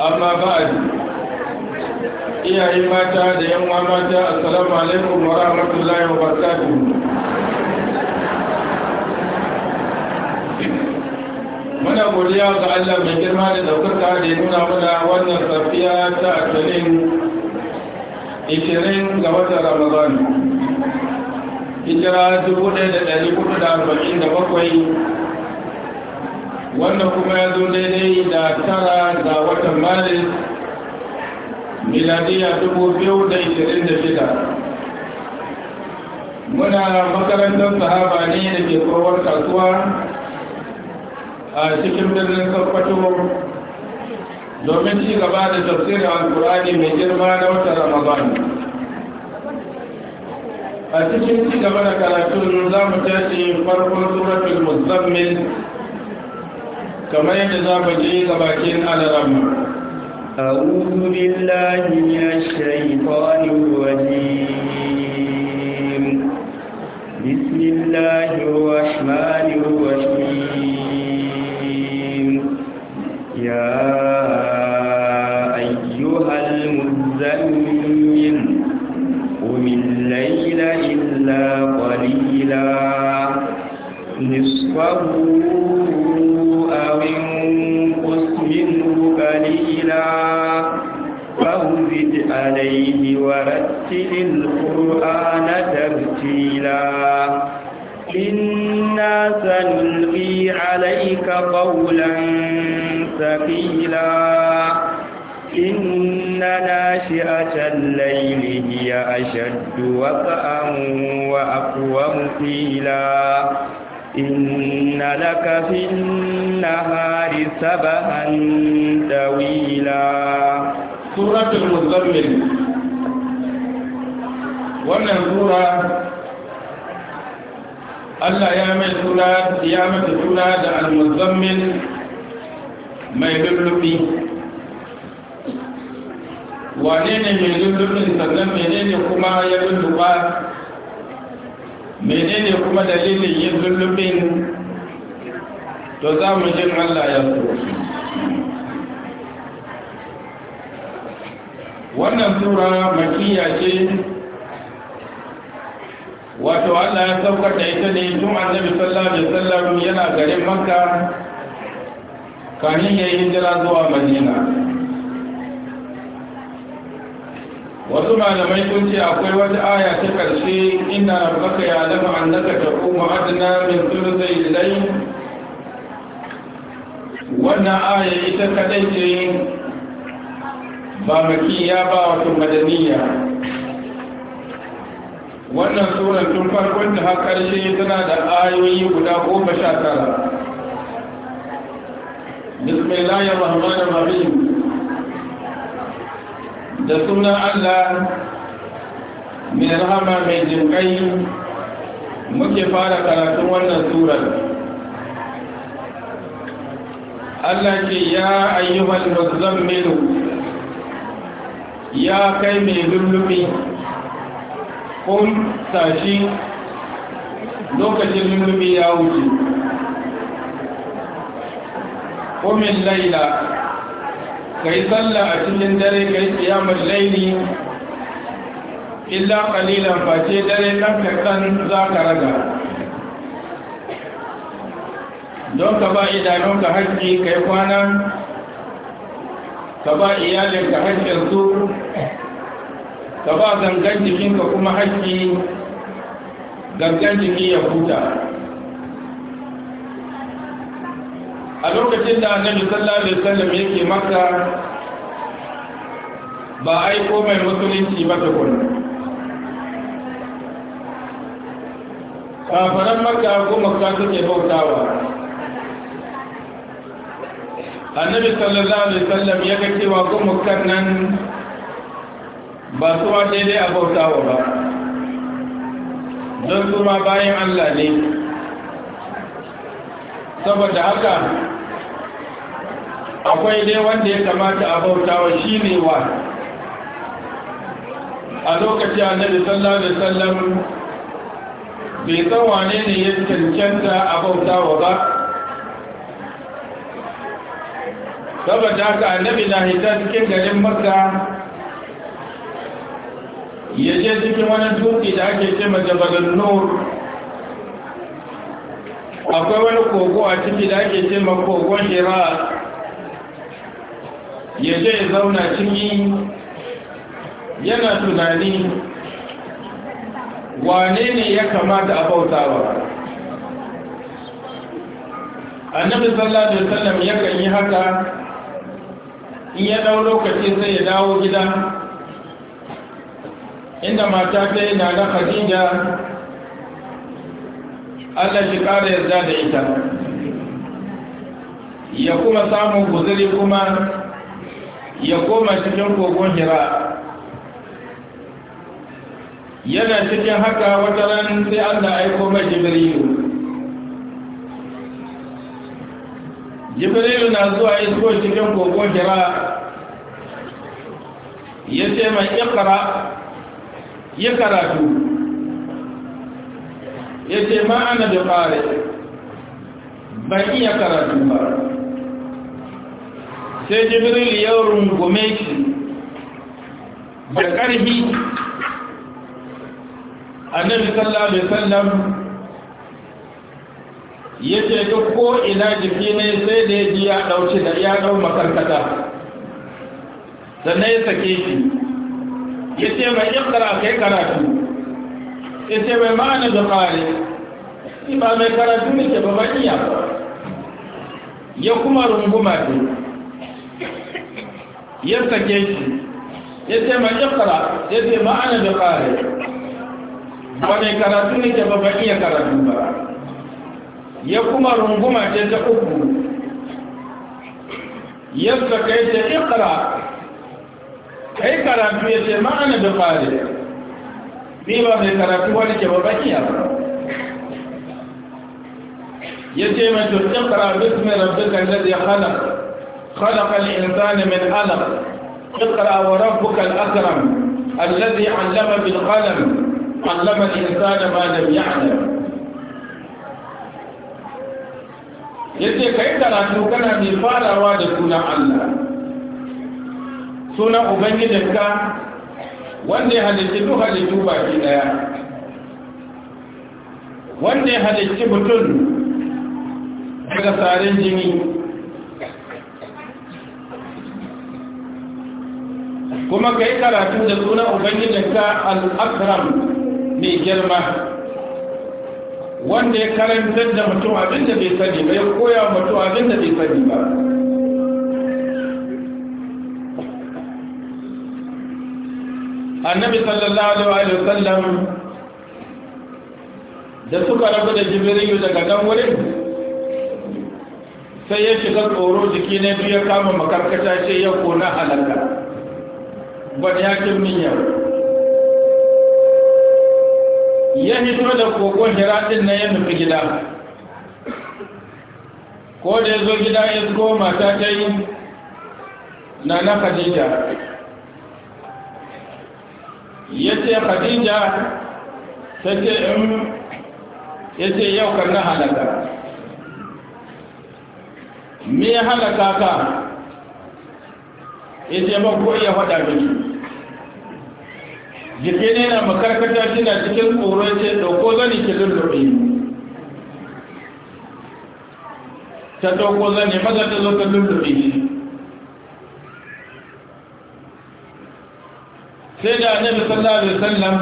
amma ba'adi iyaye mata da yan uwa mata assalamu alaikum wa rahmatullahi wa barakatuh muna godiya ga Allah mai girma da daukaka da ya nuna mana wannan safiya ta asirin ishirin ga watan ramadan hijira dubu ɗaya da ɗari hudu da arba'in da bakwai wannan kuma ya zo daidai da tara ga watan maris miladiya shida. muna makarantar sahaba ne da ke kowar kasuwa a cikin birnin sokoto domin ci gaba da tafsirin alkur'ani mai girma na watan ramadan a cikin ci gaba da karatun za mu tashi farkon suratul muzammil kamar yadda za mu je ga أعوذ بالله من الشيطان الرجيم بسم الله الرحمن الرحيم يا أيها المزمين قم الليل إلا قليلا نصفه قولا ثقيلا إن ناشئة الليل هي أشد وطئا وأقوم قيلا إن لك في النهار سبها طويلا سورة المزمل ومن سورة Allah ya mai suna ya mata suna da al-muzammin mai lullubi wane ne mai lullubin sannan menene kuma ya lulluba menene kuma dalilin yin lullubin to za mu jin Allah ya so wannan sura makiya ce wato Allah ya saukar da ita ne tun annabi sallallahu alaihi wasallam yana garin Makka kamin ya yi hijira zuwa Madina wasu malamai sun ce akwai wata aya ta karshe inna rabbaka ya lama annaka taqumu adna min thuluthay layl wannan aya ita kadai ce ba makiya ba wato madaniya wannan suran tun farkon da har ƙarshe tana da ayoyi guda goma sha tara bismillahir rahmanir rahim da sunan Allah mai rahama mai jinƙai muke fara karatun wannan tsoron. Allah ke ya ayyuhal muzammilu ya kai mai lullubi kun tashi lokacin numi ya wuce komin laila ka yi tsalla a cikin dare ka yi tsiyamar laili illa kalilan face dare na kaɗan za ka raga don ka ba ka haƙƙi ka yi kwanan ka ba iyalinka su. ka ba gangan jikinka kuma haƙƙi gangan jiki ya huta a lokacin da annabi sallallahu alaihi wasallam yake maka ba aiko mai musulunci ba tukun kafaran maka ko ka suke bautawa annabi sallallahu alaihi wasallam ya ga cewa kuma maka nan ba su ma daidai a bauta wa ba don su ma bayan Allah ne saboda haka akwai dai wanda ya kamata a bauta wa shi ne wa a lokaci annabi sallallahu alaihi wasallam bai san wane ne ya cancanta a bauta wa ba saboda haka annabi na hita cikin garin makka ya je cikin wani dutse da ake ce majabalin nur akwai wani kogo a ciki da ake ce kogon hira ya je ya zauna ciki yana tunani wane ne ya kamata a bautawa annabi sallallahu alaihi wasallam yakan yi haka in ya dau lokaci sai ya dawo gida inda mata ta yi na na khadija allah shi ƙara yarda da ita ya kuma samun guzuri kuma ya koma cikin kogon hira yana cikin haka wata ranar sai allah aiko mai Jibril. Jibril na zuwa isko cikin kogon hira ya ce mai ikra yi karatu ya ce ma'ana da fare ban iya karatu ba sai jibril ya rungume shi da ƙarfi annabi sallallahu alaihi wasallam ya ce duk ko ina jiki ne sai da ya ji ya da ya dau makarkata sannan ya sake shi ya ce mai ikra kai karatu ya mai ma'ana da fari shi mai karatu ne ke ba ya kuma runguma ce ya sake shi ya mai ikra ya ma'ana da fari ba karatu ne ke karatu ba ya kuma runguma ce ta uku ikra kai karatu ya ce ma'ana da fari ni ba mai karatu wani ke babaki ya ba ya ce mai tuttun karatu su mai rabbi kan da ya hana خلق الإنسان من علق اقرأ وربك الأكرم الذي علم بالقلم علم الإنسان ما لم يعلم yace kai karatu kana mai farawa da sunan Allah sunan ubangijinka wanda ya halicci duk halittu baki daya wanda ya halicci mutum daga tsarin jini kuma ka yi karatu da sunan ubangijinka al'akram mai girma wanda ya karanta da mutum abinda bai sani ba ya koya mutum abinda bai sani ba annabi sallallahu alaihi wasallam da suka rabu da jibrilu daga dan wurin sai ya shiga tsoro jiki na biyu ya kama makarkata ce ya kona halaka ban yakin niyya ya hito da kogon hiratin na ya nufi gida ko da ya zo gida ya zo mata ta yi na na khadija ya ce khadija ta ce in ya ce yau kan na halaka me halaka ka ya ce ban ko iya faɗa miki jike ne na makarkata shi na cikin tsoro ya ce ɗauko zani ki lullube ta ko zani maza ta zo ta lullube sai da annabi sallallahu alaihi wasallam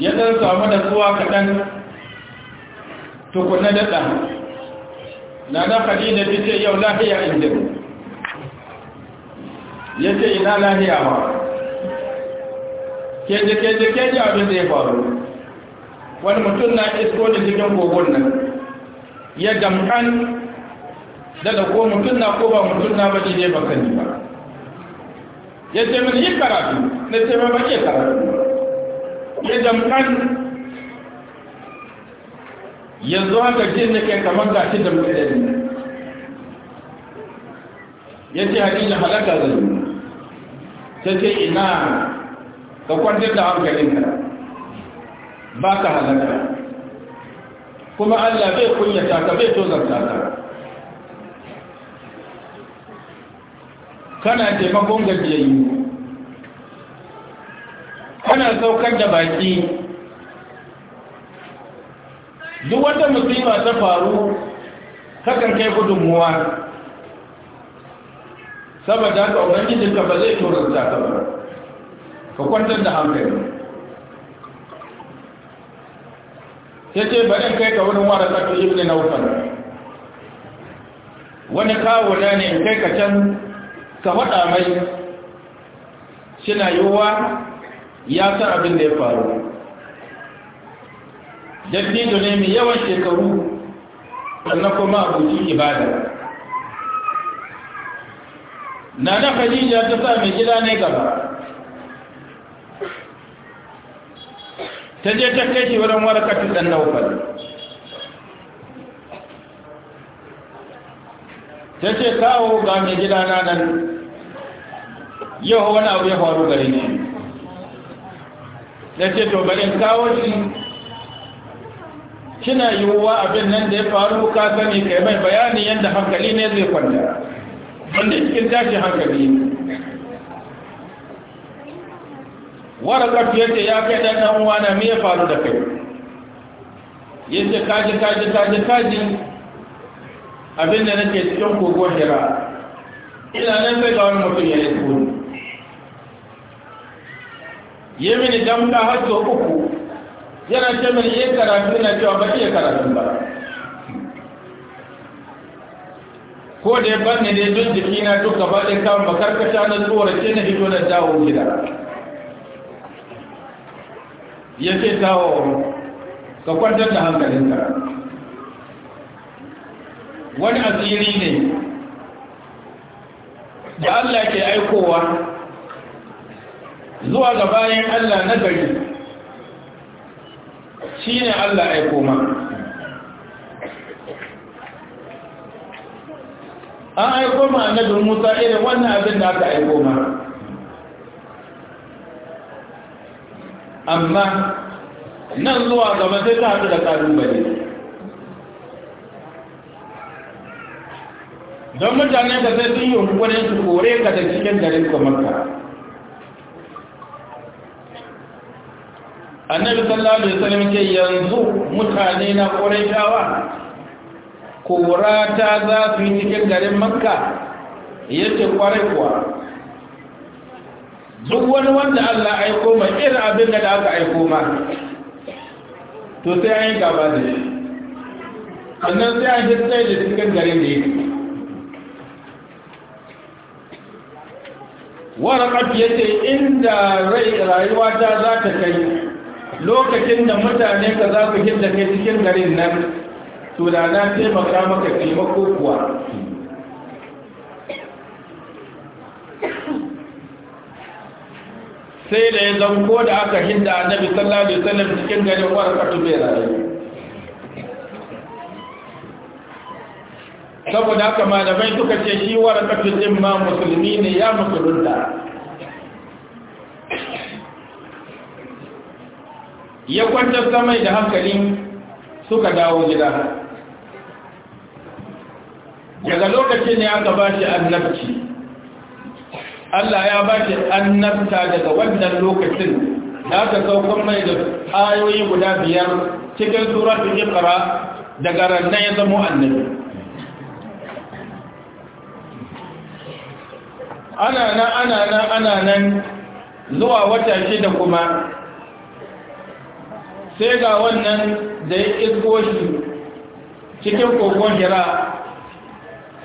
ya dan samu da zuwa kaɗan to daɗa na na faɗi da bice yau lahiya inda ya ce ina lahiya ba keje keje keje abin da ya faru wani mutum na isko da cikin kogon nan ya gamkan daga ko mutum na ko ba mutum na ba ne ba kan ba ya ce mini yi karatu na ce ba ke karatu ya damkan yanzu haka ce ne kai kamar ga shi damkan da ne ya ce hadina halaka zai ne ta ce ina ka kwanci da hankalinka ba ka halaka kuma allah bai kunyata ka bai tozarta ka kana taimakon gajiyayyu kana saukar da baki duk wata musulma ta faru kakan kai gudunmuwa saboda haka ubangijinka ba zai turanta ka ba ka kwantar da hankali sai ce bari kai ka wurin wara tsakar ibn naufal wani kawo na ne kai ka can ka faɗa mai suna yiwuwa ya san abin da ya faru jaddido ne mai yawan shekaru sannan kuma abokin ibada na na khadija ta sa mai gida ne gaba ta je ta kai shi wurin warakatun ɗan naukar. ta ce kawo ga mai gidana nan yau wani abu ya faru gari ne Ta ce to bari kawo shi kina yiwuwa abin nan da ya faru ka sani kai mai bayani yadda hankali ne zai kwanta wanda cikin tashi hankali ne warakar fiye da ya kai ɗan ɗan na me ya faru da kai ya ce kaji kaji kaji kaji abin da nake cikin kogo hira ina nan sai ga wani mutum ya yi tsoro yi mini damka har sau uku yana ce mini iya karatu yana cewa ba iya karatu ba ko da ya banne ne duk jikina duk gaba ɗin kawon ba karkasha na ce na hito na dawo gida ya ce dawo ka kwantar da hankalinka wani asiri ne da Allah ke aikowa zuwa ga bayan Allah na gari shi ne Allah aiko ma an aiko ma annabin Musa irin wannan abin da aka aiko ma amma nan zuwa gaba sai ta haɗu da ƙalubale don mutane da zai sun wa su kore ka da cikin garin kamarka annabi sallallahu alaihi wasallam ce yanzu mutane na shawa kora ta za su yi cikin garin makka yace kwarai kuwa duk wani wanda Allah aiko mai irin abin da aka aiko ma to sai an yi gaba da shi sannan sai an yi tsaye da cikin garin da yake warakat ya ce inda rai rayuwa ta za ta kai lokacin da mutane ka za ku hidda kai cikin garin nan to da na taimaka maka taimako kuwa sai da ya zanko da aka hidda annabi sallallahu alaihi wasallam cikin garin warakatu bai rayu saboda haka malamai suka ce shi warakatun din ma musulmi ne ya musulunta ya kwanta samai da hankali suka dawo gida daga lokacin ne aka ba shi annabci Allah ya ba shi annabta daga wannan lokacin da aka saukar mai da ayoyi guda biyar cikin suratul iqra daga rannan ya zama annabi ana nan ana nan ana nan zuwa wata shida kuma sai ga wannan da ya isko shi cikin kogon hira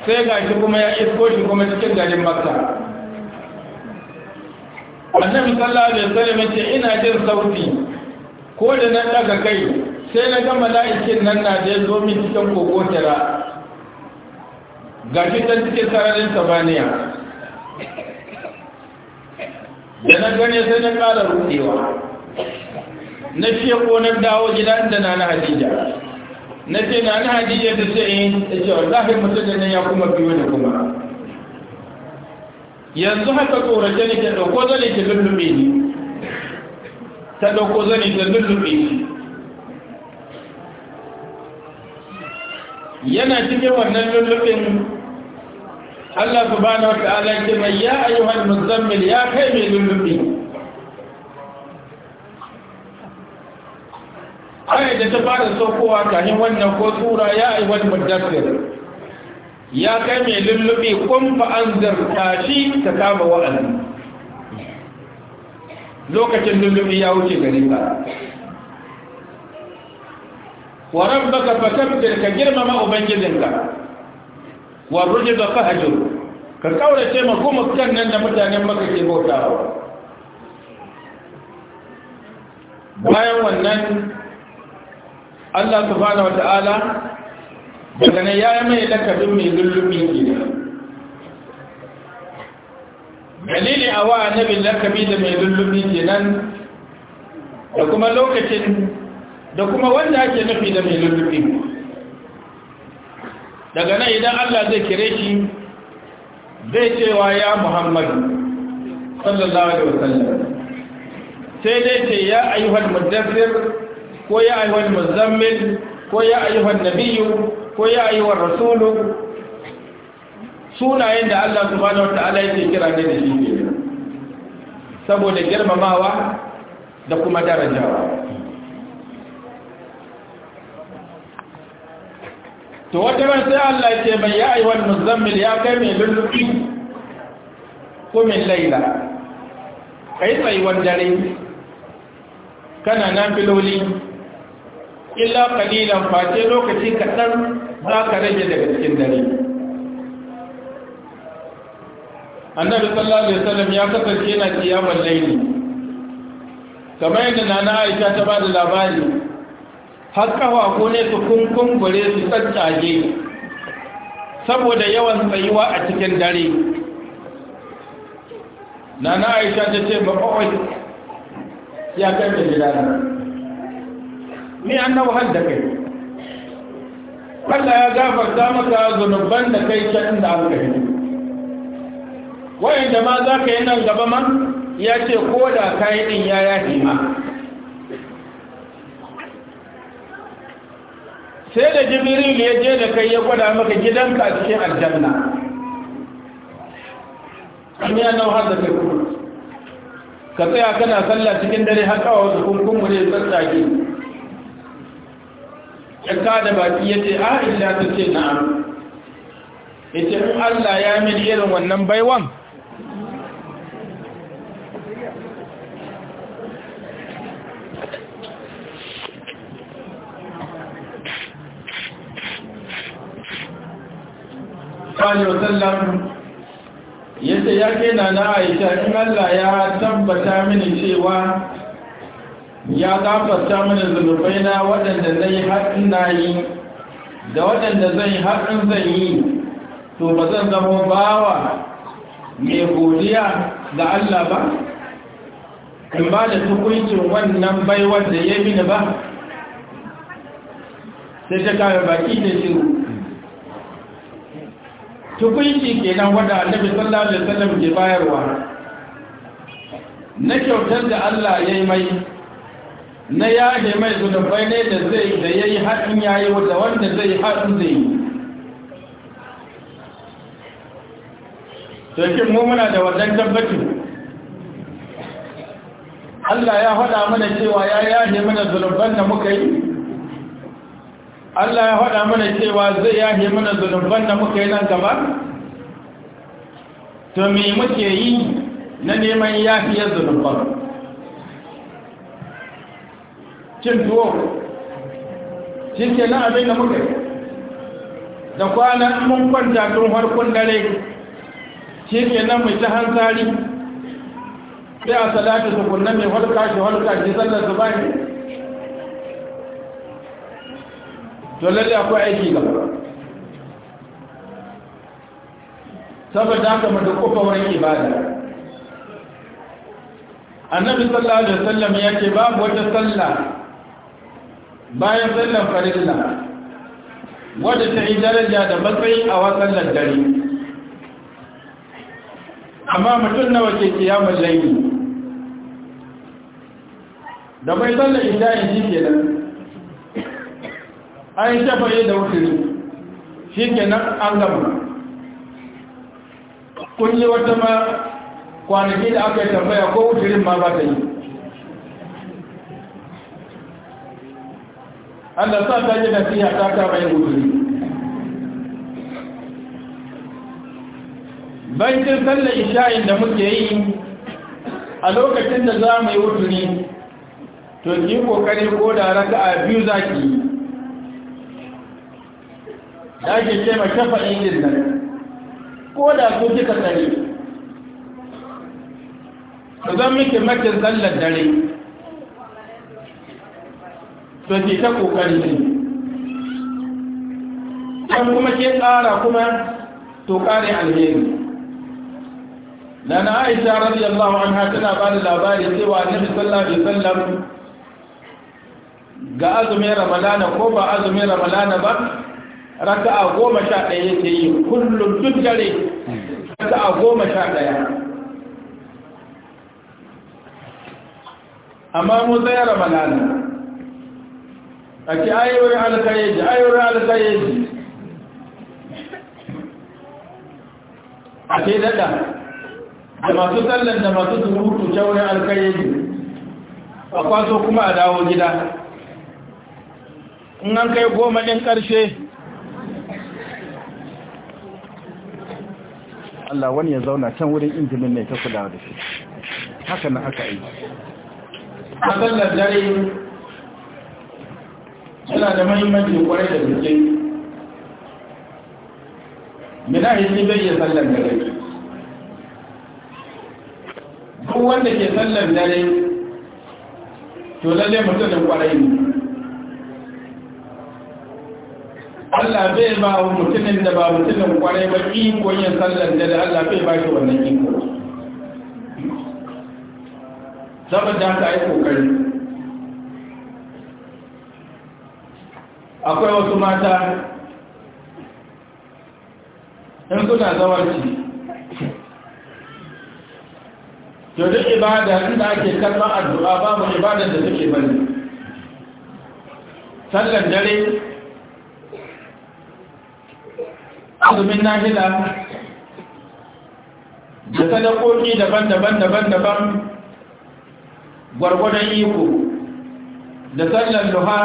sai ga shi kuma ya isko shi kuma cikin garin makka annabi sallallahu alaihi wasallam ya ce ina jin sauti ko da na daga kai sai na ga mala'ikin nan na da zo min cikin kogon hira ga ta cikin sararin samaniya da nan gane sai na ƙara rufewa na fiye ko na dawo gidan da na na hadija na ce na na hadija da ce in eh, da ce wallahi mutum da ya kuma biyo ne kuma yanzu haka tsorace ne ke ɗauko zane ke lullube ni ta ɗauko zane ta lullube ni yana cikin wannan lullubin Allah subhanahu wa ta'ala ce mai ya ayyuhal muzammil ya kai mai lullubi ayat da ta fara saukowa kafin wannan ko sura ya ayyuhal mudaththir ya kai mai lullubi kun fa anzir tashi ta kama wa'azi lokacin lullubi ya wuce gare ka wa rabbaka fakabbir ka girmama ubangijinka wa rujza fahjur ka kaurace ma kan nan da mutanen maka ke bautawa bayan wannan Allah subhanahu wata'ala daga nan ya yi mai lakabin mai lullubin gida dalili a wa annabin lakabi da mai lullubin gidan da kuma lokacin da kuma wanda ake nufi da mai lullubin daga nan idan Allah zai kire shi zai cewa ya muhammadu sallallahu alaihi wasallam sai dai ce ya ayyuhal mudaffir ko ya ayyuhal muzammil ko ya ayyuhal nabiyyu ko ya ayyuhal rasulu sunayen da Allah subhanahu wataala yake kira ne da shi ne saboda girmamawa da kuma darajawa to wata ran sai Allah ya ce mai ya aiwan muzammil ya kai mai lullubi ko mai laila kai tsayuwar dare kana nan filoli illa kalilan face lokaci kaɗan za ka rage daga cikin dare annabi sallallahu alaihi wasallam ya kasance yana kiyamar laili kamar yadda nana aisha ta ba da labari har ƙafafu ne su kunkumbure su tsaccage saboda yawan tsayuwa a cikin dare na na aisha ta ce ba ya kai da gida na ni an na wahal da kai Allah ya gafarta maka zunuban da kai can da aka yi wayanda ma za ka yi nan gaba ma ya ce ko da kayi din ya yahi ma sai da jibril ya je da kai ya gwada maka gidanka cikin aljanna an yi annabu har da kai kuma ka tsaya kana sallah cikin dare har kawo wasu kunkun mu ne tsatsage ya kada baki ya ce a illa ta ce na'am ya ce in allah ya min irin wannan baiwan alaihi wasallam yace ya kaina na Aisha in Allah ya tabbata mini cewa ya gafarta mini zunubai na waɗanda zai haɗin ina yi da waɗanda zai haɗin zai yi to ba zan zama bawa mai godiya da Allah ba in ba da tukuncin wannan baiwar da ya mini ba sai ta kare baki da shiru tukunci ke nan wanda annabi sallallahu alaihi wasallam ke bayarwa na kyautar da Allah ya yi mai na yaje mai zunubai ne da zai da ya yi haɗin ya yi wadda wanda zai yi haɗin zai yi tokin mu muna da wannan tabbacin Allah ya faɗa mana cewa ya yaje mana zunuban da muka yi Allah ya faɗa mana cewa zai yahe mana zunuban da muka yi nan gaba? To me muke yi na neman yafiyar zunuban? Cin tuwo, cin ke na abin da muka yi, da kwanan mun kwanta tun harkun dare, shi ke nan mai ta hansari? sai a salatu kunna mai harka shi harka shi sallar zubahi. to lalle akwai aiki gaba saboda haka mu duk wurin ibada annabi sallallahu alaihi wasallam ya ce babu wata sallah bayan sallan farilla wadda ta yi daraja da matsayi a wasan dare amma mutum nawa ke kiyamun laini da bai sallar isha'i shi ke nan an shafaye da wuturi shi kenan an gaba kunyi wata ma kwanaki da aka yi tambaya ko wuturin ma ba ta yi allah sa ta yi siya ta kama yin wuturi bankin sallar isha'in da muke yi a lokacin da za mu yi wuturi to ki kokari ko da raka a biyu za ki yi da ake ce ma shafa din nan ko da ku kika tsari? ku zan miki makin sallar dare to ki ta ƙoƙari. ne kan kuma ke tsara kuma to kare alheri nana aisha radiyallahu anha tana ba da labari cewa annabi sallallahu alaihi wasallam ga azumin ramadana ko ba azumin ramadana ba a goma sha ɗaya yake yi kullum duk dare a goma sha ɗaya amma mu tsaya ramadana a ki ayoyin alkayeji ayoyin alkayeji a ke daɗa da masu tsallan da masu surutu jaurin alkayeji a kwaso kuma a dawo gida in an kai goma ɗin ƙarshe Allah wani ya zauna can wurin injimin ne ta kula da shi haka na aka yi a sallar dare yana da mahimmanci kwarai da gaske mina hisi bai yi sallar dare duk wanda ke sallar dare to lalle mutumin kwarai ne Allah bai ba wa mutumin da ba mutumin kwarai ba iko yin sallar da Allah bai ba shi wannan iko saboda haka ai kokari akwai wasu mata in suna zawarci to duk ibada inda ake karɓar addu'a babu ibadar da take bane sallar dare azumin nahila da sadakoki daban-daban daban-daban gwargwadon iko da sallan duha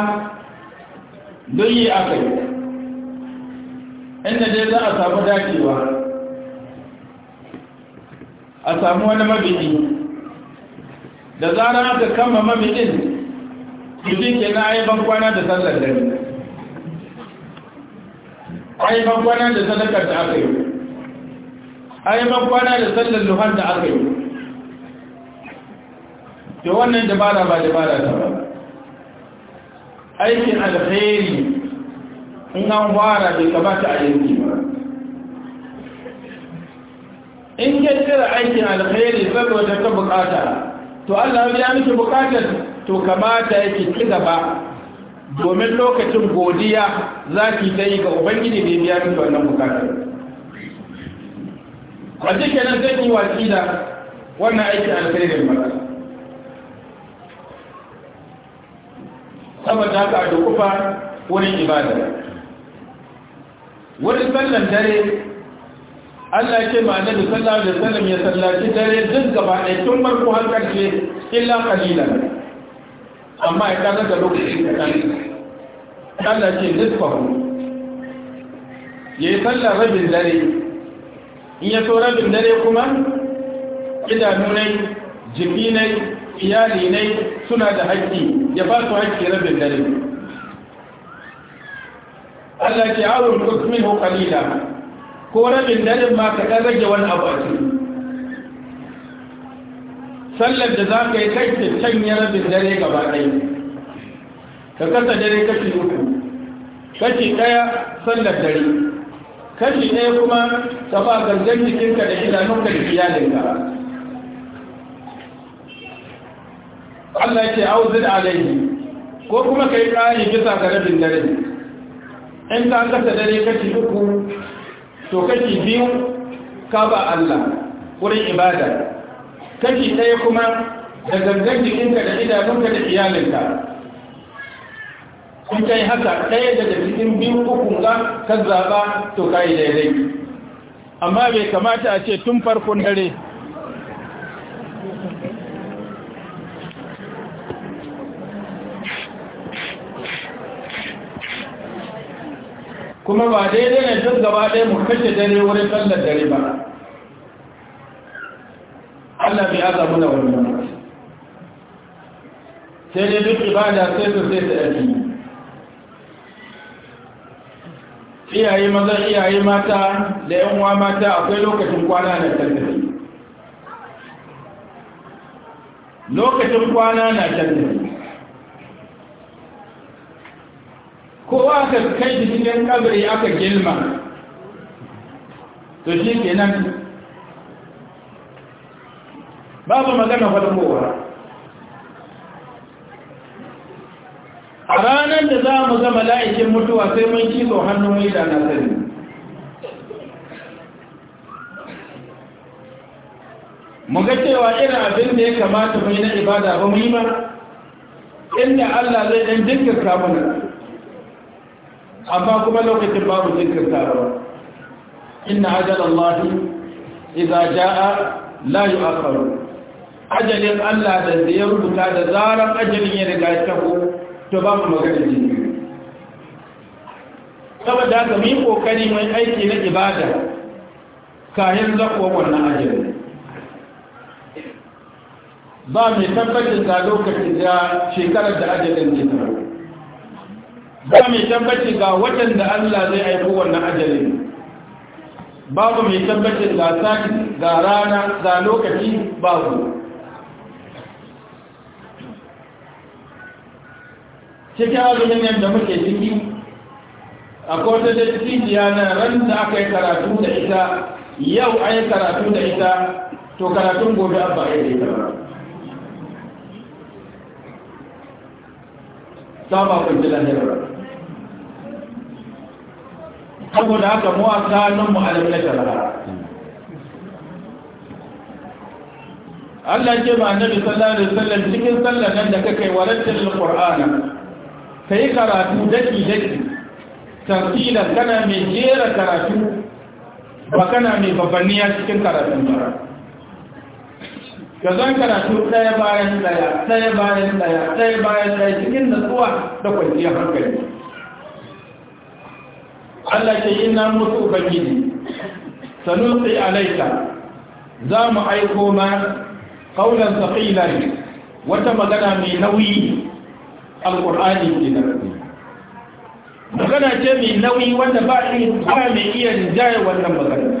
don yi a kai inda dai za a samu dacewa a samu wani mabidi da zarar aka kama mabidin su ke na aiban kwana da sallar dare ai bankwana da sadakar da aka yi ai bankwana da sallar luhar da aka yi da wannan dabara ba dabara ta ba aikin alheri in an wara bai kamata a yanki ba in ke tsira aikin alheri saboda ta bukata to allah ya miki bukatar to kamata yake ci gaba domin lokacin godiya za ki ta yi ga ubangiji da biya miki wannan bukatar a cikin nan zai yi watsi da wannan aikin alkhairin mata saboda haka a dukufa wurin ibada wurin sallan dare Allah ce ma annabi sallallahu alaihi wasallam ya sallaci dare duk gaba ɗaya tun farko har ƙarshe illa qalilan amma ya kanar da lokaci da kan Allah ce nisfahu ya yi sallar rabin dare in ya so rabin dare kuma idanunai jikinai iyalinai suna da haƙƙi ya ba su haƙƙi rabin dare Allah ke awon kusmin hukalila ko rabin dare ma ka ɗan rage wani abu a cikin sallar da za ka yi kai ta canye rabin dare gaba ɗaya ka kasa dare kashi uku kashi ɗaya sallar dare kashi ɗaya kuma ka ba gangan jikinka da idanunka da iyalinka Allah ya ce auzid alaihi ko kuma ka yi ƙari bisa ga rabin dare in ka kasa dare kashi uku to kashi biyu ka ba Allah wurin ibada kashi ɗaya kuma da gangan jikinka da idanunka da iyalinka kun kai haka ɗaya daga cikin biyu uku ga ka zaɓa to ka yi daidai amma bai kamata a ce tun farkon dare kuma ba daidai ne duk gaba ɗaya mu kashe dare wurin sallar dare ba Allah bai aza muna wannan sai dai duk ibada sai su sai su yaki iyaye maza iyaye mata da yan uwa mata akwai lokacin kwana na tattali lokacin kwana na tattali kowa aka kai jikin ƙabari aka gilma to shi nan babu magana farkowa a ranar da za mu zama la'ikin mutuwa sai mun kiso hannun yi da sani. mu ga cewa irin abin da ya kamata mai na ibada ba mu inda Allah zai ɗan jinkir mana amma kuma lokacin babu jinkir ba inna ajal allahi idza jaa la ajalin Allah da ya rubuta da zaran ajalin ya riga ya tafi to ba mu magana ne saboda da mu kokari mai aiki na ibada kayan zakuwa wannan ajalin ba mai tabbacin ga lokacin da shekarar da ajalin ne ba mai tabbacin ga watan da Allah zai aiko wannan ajalin babu mai tabbacin ga sati ga rana ga lokaci babu cikin azumin yadda da muke ciki akwai wata dattijiya na ran da aka yi karatu da ita yau an yi karatu da ita to karatun gobe a ba ya ita sama kun ji lahirar saboda haka mu a tsanin mu alim na shara Allah ce ma annabi sallallahu alaihi wasallam cikin sallar nan da kake warattil qur'ana ka yi karatu daki-daki tartilan kana mai jera karatu ba kana mai babbanniya cikin karatun ba ka zan karatu ɗaya bayan ɗaya ɗaya bayan ɗaya ɗaya bayan ɗaya cikin natsuwa da kwanciyar hankali Allah ke yi na mutu ubangiji sanusi alaika za mu aiko ma kaunan saƙilan wata magana mai nauyi alƙur'ani ke na magana ce mai nauyi wanda ba ba mai iya jaye wannan magana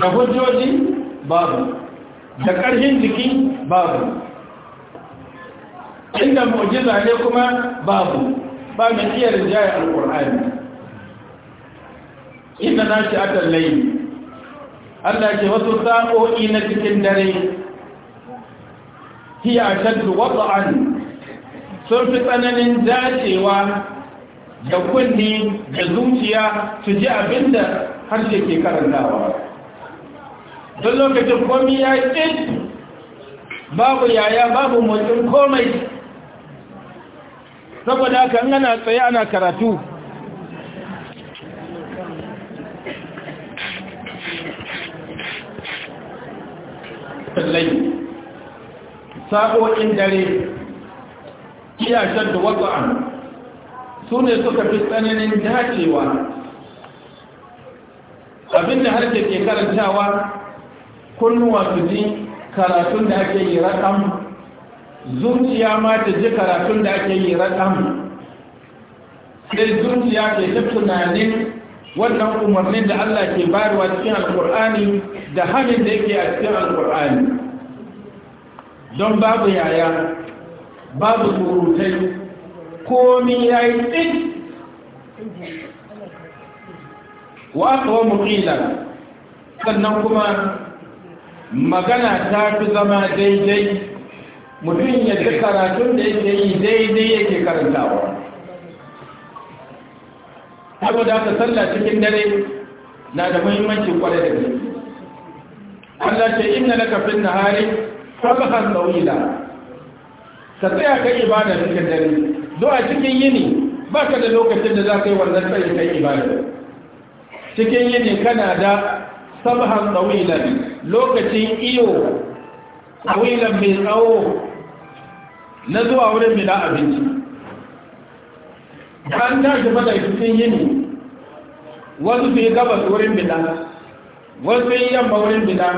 da hujjoji babu da ƙarfin jiki babu inda mu'jiza ne kuma babu ba mai iya rinjaye alƙur'ani inda na shi atan layi Allah ke wasu sa'o'i na cikin dare hiya ashaddu wad'an sun fi tsananin dacewa da kunni da zuciya su ji abinda harshe ke karantawa don lokacin komi ya ƙi babu yaya babu motsin komai saboda haka ana tsaye ana karatu lallai sa'o'in dare iya shadda wata'an su ne suka fi tsananin dacewa abinda har ke karantawa kunnuwa su ji karatun da ake yi raɗan zuciya ma ta ji karatun da ake yi raɗan sai zuciya ke ta tunanin wannan umarnin da Allah ke bayarwa cikin alkur'ani da hannun da yake a cikin alkur'ani don babu yaya babu surutai komi ya yi tsin wa kawo mukila sannan kuma magana ta fi zama daidai mutum ya ji karatun da yake yi daidai yake karantawa da aka tsalla cikin dare na da muhimmanci kwarai da gaske Allah ce inna laka na nahari sabahan tsawila ka tsaya yi ibada cikin dare zo a cikin yini ba ka da lokacin da za ka yi wannan tsayin kai ibada cikin yini kana da sabahan tsawilan lokacin iyo tsawilan mai tsawo na zuwa wurin mila abinci an shi fada cikin yini wasu su yi gabas wurin mila wasu yi yamma wurin mila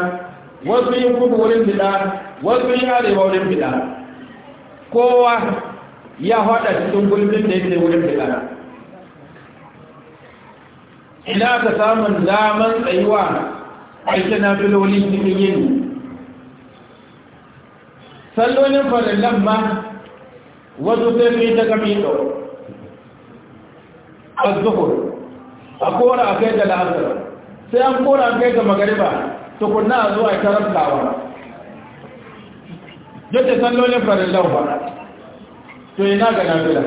wasu yi kudu wurin mila wasu yi arewa wurin fita kowa ya haɗa cikin gulbin da yake wurin fita ina ka samun daman tsayuwa aiki na filoli cikin yin Sallonin farillan ma wasu sai fi ta gami ɗau a zuhur a kora a kai da la'asar sai an kora a kai ga magariba tukunna a zuwa ita rasawa duk da sallolin farin ba to ina ga nafila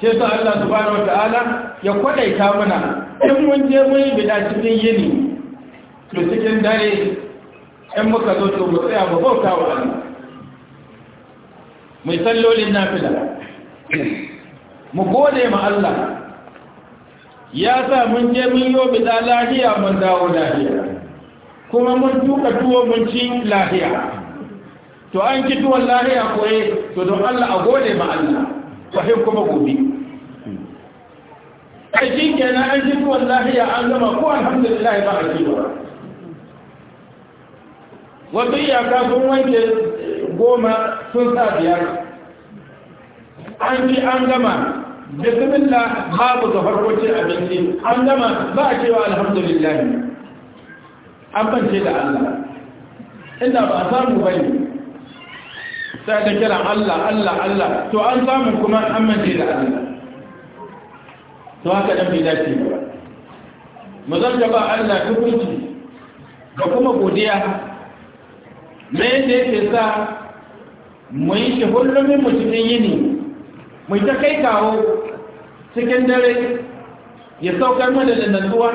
Shesa sa Allah subhanahu wata'ala ya kwadaita mana in mun je mun yi bida cikin yini to cikin dare in muka zo to mu tsaya mu bauta wa Allah mu sallolin nafila mu gode ma Allah ya sa mun je mun yi bida lahiya mun dawo lahiya kuma mun tuka tuwo mun ci lahiya to an ki tuwon lahiya koye to don Allah a gode ma Allah fahim kuma gobe a shi kenan an ki tuwon lahiya an zama ko alhamdulillah ba a ci ba wasu iyaka sun wanke goma sun sa biyar an ji an gama bismillah babu ga farko ce abinci an gama ba a cewa alhamdulillah an bance da Allah inda ba a samu bane sai ta kira Allah Allah Allah to an samu kuma an da Allah to haka dan bai dace ba mu zanta ba Allah tukunci ga kuma godiya me ne yake sa mu yi shi mu cikin yini mu ta kai kawo cikin dare ya saukar mana da natsuwa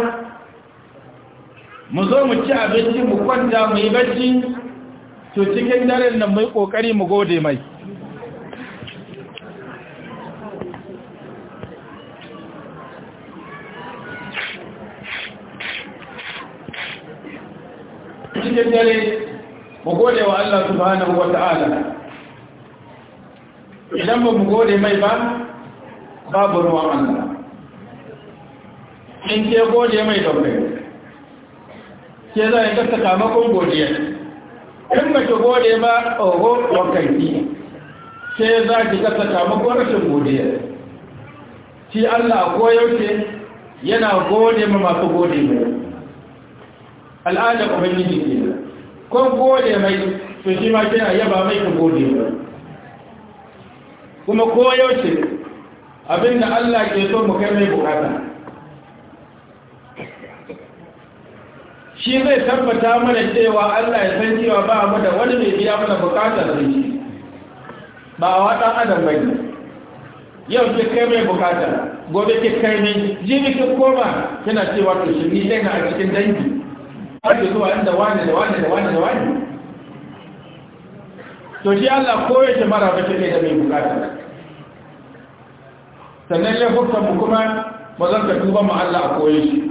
mu zo mu ci abinci mu kwanta mu yi bacci to cikin daren nan mai kokari mu gode mai cikin dare mu gode wa Allah subhanahu wa ta'ala idan ba mu gode mai ba babu ruwan Allah in ke gode mai daukai ke za a kasta kamakon godiya in ba ki gode ba oho wakanki sai za ki ga sakamakon rashin godiya shi Allah ko yaushe yana gode ma masu gode mai al'ada ubangiji ke ko gode mai to shi ma kina yaba mai ka gode mai kuma ko yaushe abinda Allah ke so mu kai mai bukata shi zai tabbata mana cewa Allah ya san cewa ba mu da wani mai biya mana bukatar sai shi ba wa dan adam bane yau ke kai mai bukata gobe ke kai ne jibi ke koma yana cewa to shi ni dai na a cikin dangi har ke zuwa inda wani da wani da wani da wani to shi Allah ko yake mara ba ke da mai bukata sannan ya hukka mu kuma mazan ka tuba mu Allah a koyi shi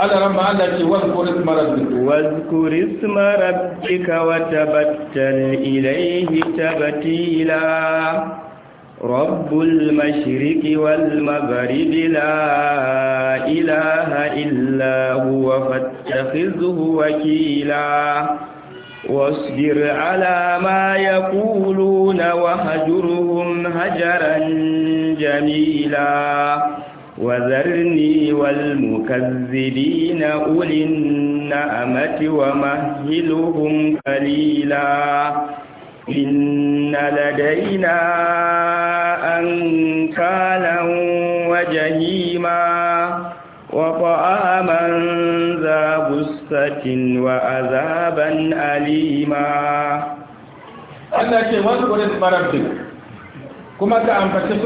أنا لما أنك واذكر اسم ربك واذكر اسم ربك وتبتل إليه تبتيلا رب المشرق والمغرب لا إله إلا هو فاتخذه وكيلا واصبر على ما يقولون وهجرهم هجرا جميلا وذرني والمكذبين أولي النعمة ومهلهم قليلا إن لدينا أنكالا وجهيما وطعاما ذا غصة وعذابا أليما Allah ce wasu kurin barabdin kuma ka ambaci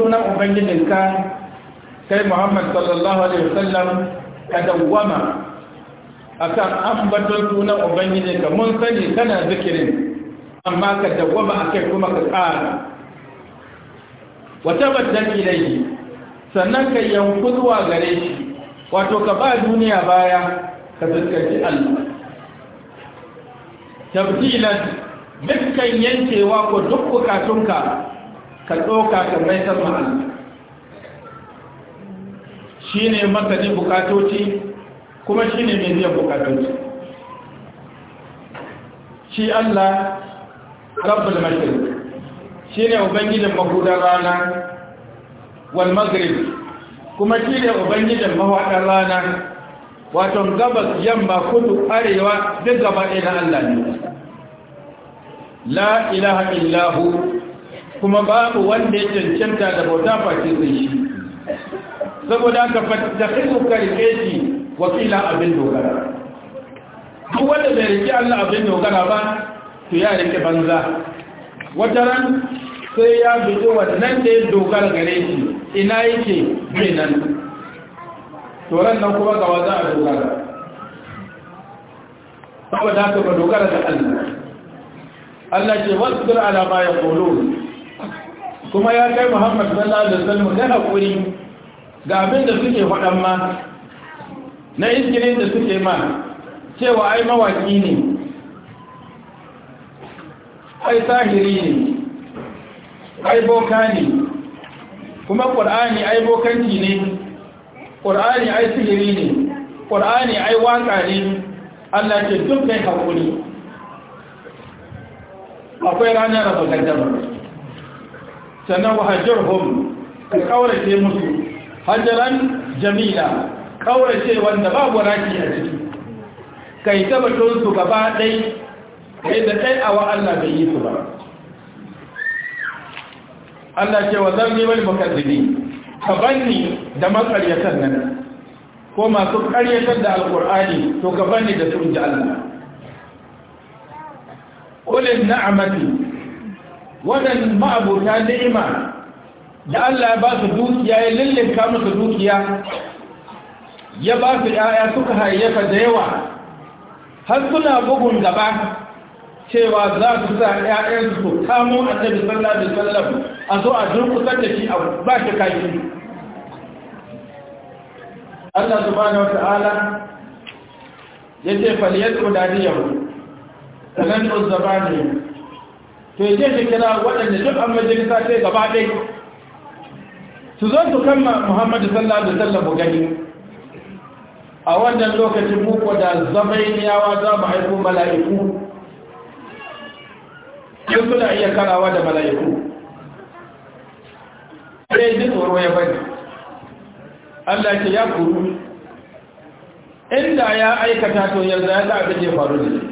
kai muhammad sallallahu alaihi wasallam ka dawwama akan ambaton sunan ubangiji ka mun sani kana zikirin amma ka dawwama akai kuma ka tsara wa tabaddal ilayhi sannan ka yanku zuwa gare shi wato ka ba duniya baya ka fuskanci Allah tabtilan dukkan yankewa ko duk bukatunka ka ɗauka ka mai sama Allah shi ne makaji bukatoci kuma shi ne mai biyan bukatoci shi allah rabbul mashirik shi ne ubangijin mahudar rana wal maghrib kuma shi ne ubangijin mahudar rana wato gabas yamma kudu arewa duk gaba ɗaya na allah ne la ilaha illahu kuma babu wanda ya cancanta da bauta face sai shi saboda ka fattakisu karfe shi wakila abin dogara duk wanda bai rike Allah abin dogara ba to ya rike banza wata ran sai ya wa wannan da ya dogara gare shi ina yake bai nan toron nan kuma ga za a dogara saboda ka ba dogara da Allah Allah ce wasu ala ma ya kolo kuma ya kai muhammad sallallahu alaihi wasallam kai hakuri ga abin da suke faɗan ma na iskirin da suke ma cewa ai mawaki ne ai sahiri ne ai boka ne kuma ƙur'ani ai bokanci ne ƙur'ani ai sihiri ne ƙur'ani ai waƙa ne allah ce duk kai haƙuri akwai ranar rabu gaddamar sannan wa hom ka kaurace musu hajjaran jamila kaurace wanda babu raki a ciki kai tabbatun su gaba ka kai da a wa Allah bai yi su ba Allah ce wa zarni wal mukazzibi ka banni da makaryatar nan ko masu karyatar da alkur'ani to ka banni da sun ji Allah qul na'amati waɗanda ma'abota ni'ima da Allah ya ba su dukiya ya lullinka musu dukiya ya ba su ‘ya'ya suka hayyafa da yawa har suna bugun gaba cewa za su sa ‘ya'yansu su kamo a tabi sallar da sallar a zo a durkusar da shi a ba shi kashi Allah subhanahu wata'ala ya ce faliyar kudadiyar sanar da to yaje ya kira waɗanda duk an majalisa sai gaba ɗai su zo su kan muhammadu sallallahu alaihi wasallam mu gani a wannan lokacin mu ko da zabainiyawa za mu haifu mala'iku duk suna iya karawa da mala'iku sai ji tsoro ya bari Allah ke ya kuru inda ya aikata to yanzu ya sa abin da ya faru da shi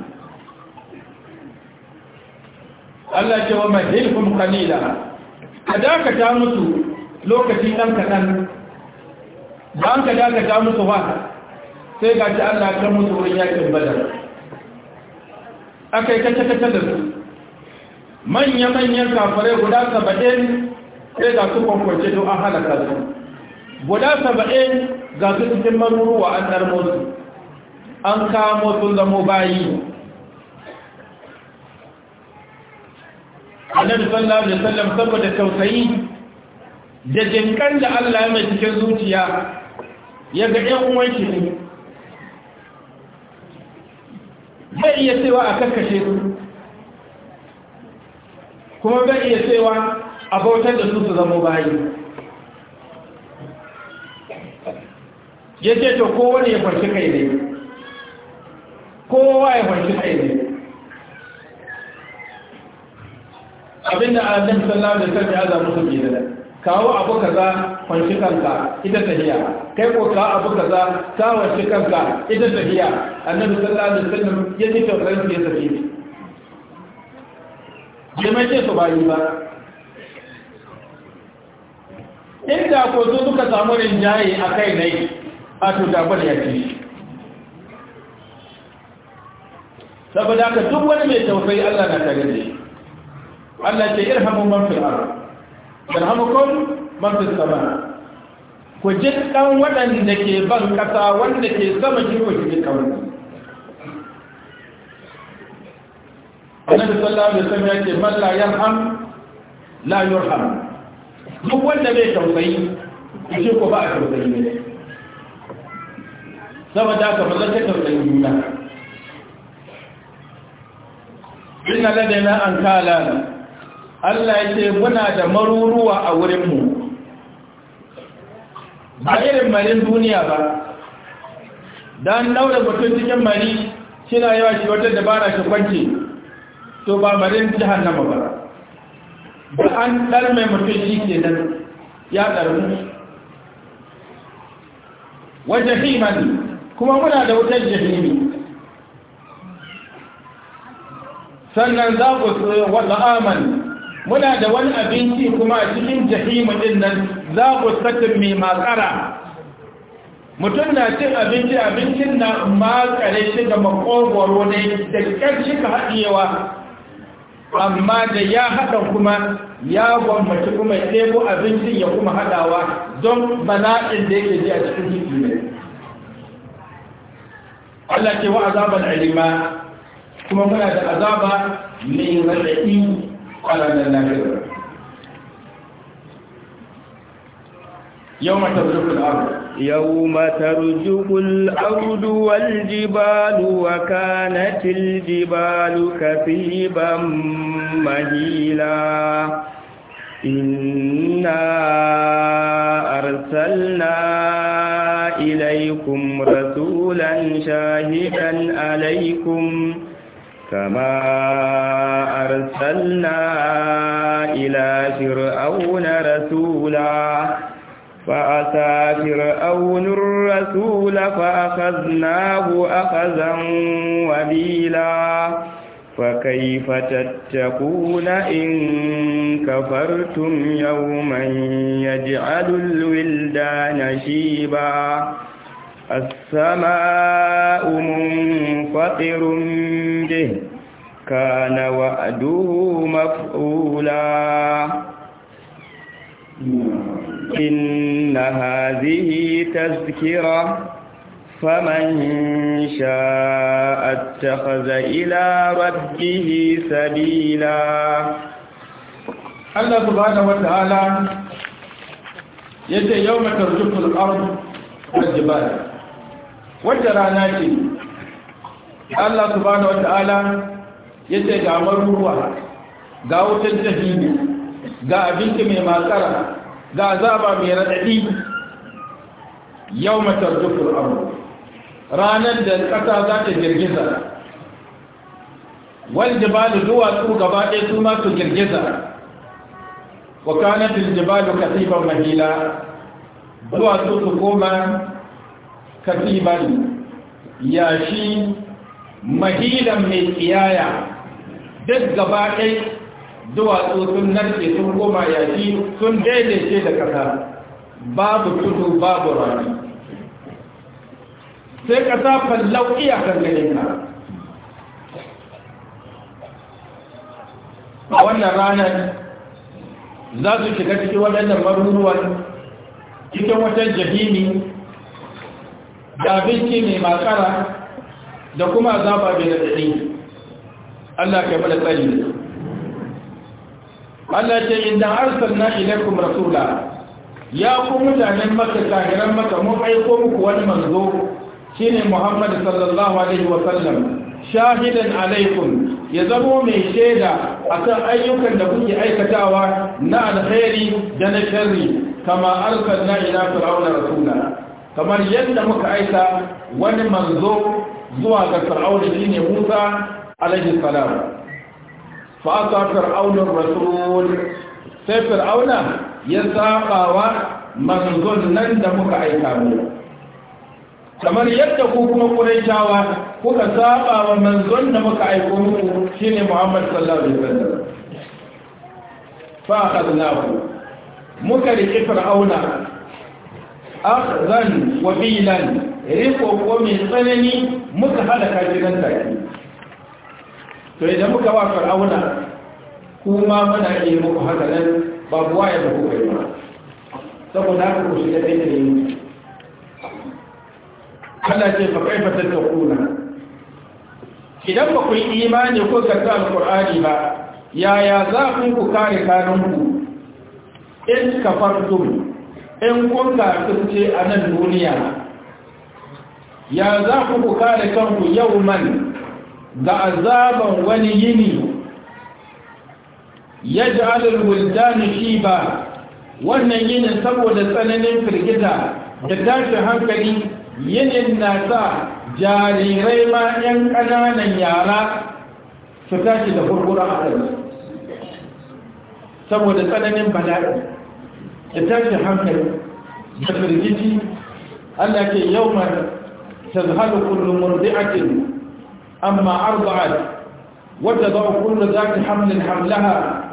Allah ce wa mahilhum qalila ka dakata musu lokaci dan kadan dan ka dakata musu ba sai ga ta Allah kan musu wurin yakin badar akai kace kace da su manya manyan kafare guda 70 sai ga su kwankwace don an halaka su guda 70 ga su cikin maruruwa an darmo su an kamo sun zamo bayi annabi sallallahu alaihi wasallam saboda tausayi da jinkan da Allah ya mai cikin zuciya ya ga ɗan uwan shi ne bai iya cewa a kakkashe su kuma bai iya cewa a bautar da su su zama bayi ya ce to kowane ya farshi kai ne kowa ya farshi kai ne abinda annabi sallallahu da wasallam ya za musu da. kawo abu kaza kwanci kanka ita tahiya kai ko kawo abu kaza kawo shi kanka ita tahiya annabi sallallahu alaihi wasallam ya ji tausayin ya tafi je mai ce su bayi ba inda ko su suka samu jaye a kai a to da tudabar ya ci saboda ka duk wani mai tausayi allah na tare da shi Allah ce irhamu man fil ard yarhamukum man fis sama ku ji dan waɗanda ke ban kasa wanda ke sama ki ku ji kan Annabi sallallahu alaihi wasallam yake man la yarham la yurham duk wanda bai tausayi shi ko ba a tausayi ne saboda ka mallaka tausayi juna inna ladaina an kala Allah yake muna da maruruwa a wurinmu ba irin marin duniya ba don laura mutum cikin mari shina yawa shi wata dabara shi kwanci to ba marin jihannama ba ba an mai mutum shi ke nan ya ɗarmu wajen himani kuma muna da wutar jahimi sannan za ku tsaye wa la'amani muna da wani abinci kuma a cikin jahimu din nan za ku sakin mai makara mutum na cin abinci abincin na makare shi ga makogoro ne da ƙarshi ka haɗewa amma da ya haɗa kuma ya gwammaci kuma ya ɗebo abincin ya kuma haɗawa don bala'in da yake ji a cikin jiki ne Allah ce wa azaban alima kuma muna da azaba mai raɗaɗi yau mata rujukul abu jibalu wa kanatil jibalu kafiban mahila inna arsalna ilaikum rasulan shahidan alaikum كما أرسلنا إلى فرعون رسولا فأتى فرعون الرسول فأخذناه أخذا وبيلا فكيف تتقون إن كفرتم يوما يجعل الولدان شيبا السماء منفطر به كان وعده مفعولا إن هذه تذكرة فمن شاء اتخذ إلى ربه سبيلا الله سبحانه وتعالى يجي يوم ترجف الأرض والجبال wata rana ce Allah subhanahu wata'ala ya ce ga maruwa ga wutar jahili ga abinci mai matsara ga zaba mai raɗaɗi yau matar dukkan abu ranar da ƙasa za ta girgiza wanda ba da duwatsu gaba ɗaya su ma su girgiza wa kanatin jibalu kasiban mahila duwatsu su koma ya yashi mahilan mai tsiyaya duk gaba ɗai duwatsu sun narke sun goma yashi sun daidaice da ƙasa babu tudu babu rani sai ƙasa fallau kankanin ka a wannan ranar za su shiga cikin waɗannan maruruwan cikin wata jahimi da abinci mai makara da kuma zaba mai radadi Allah ka bada tsari Allah ce idan arsalna ilaikum rasula ya ku mutanen maka kafiran maka mun aiko muku wani manzo shine Muhammad sallallahu alaihi wa shahidan alaikum ya zamo mai shaida kan ayyukan da kuke aikatawa na alheri da na sharri kama arsalna ila fir'auna rasula kamar yadda muka aika wani manzo zuwa ga fir'auna shine Musa alaihi salam fa aka fir'auna rasul sai fir'auna ya sabawa manzon nan da muka aika mu kamar yadda ku kuma Quraishawa kuka saba wa manzon da muka aiko muku shine Muhammad sallallahu alaihi wasallam fa akhadnahu muka riƙe fir'auna akhzan wa bilan riko ko mai tsanani muka halaka jiran take to idan muka ba fir'auna kuma muna iya muku haka nan babu waya da kuka yi ba saboda haka ku shiga ɗaya ne Allah ce fa kaifa tattaquna idan ba ku yi imani ko karanta alƙur'ani ba yaya za ku ku kare kanunku in kafartum in kun ce a nan duniya ya za ku ku kare kanku yau man ga azaban wani yini ya ji alal shi ba wannan yinin saboda tsananin firgita da tashin hankali yini na sa jarirai ma 'yan kananan yara su tashi da kurkura a saboda tsananin bala'i التاكي حنكر جفر جيتي ألاك يوما تذهل كل مرضعة أما أرضعت وتضع كل ذات حمل حملها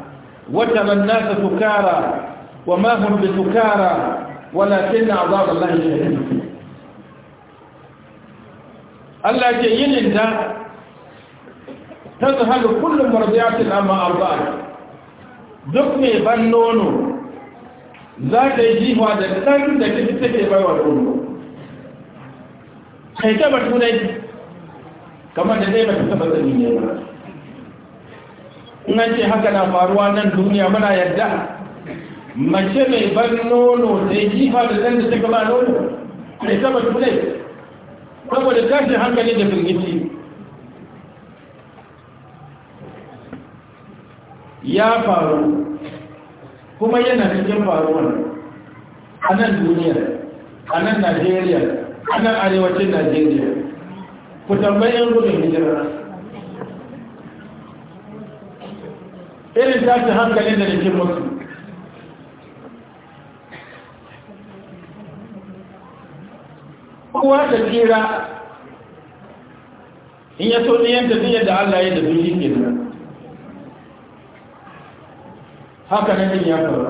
وترى الناس سكارى وما هم بسكارى ولكن عذاب الله شهيد ألاك يلد تذهل كل مرضعة أما أرضعت دقني بنونو za ta yi jihuwa da ɗan da kake take bai wa ɗoro kai ta batu dai kamar da zai bata taɓa tsari ne ba in ce haka na faruwa nan duniya muna yadda mace mai ban nono da yi jihuwa da ɗan da take ba nono kai ta batu dai saboda tashin hankali da firgici ya faru kuma yana cikin faruwar a nan duniya a nan najeriya a nan arewacin najeriya ku tambayin gudun hijira irin tashi hankalin da nake musu kuwa da tsira in ya so ɗiyanta duniyar da allah ya da duniya ke nan haka na jin ya faru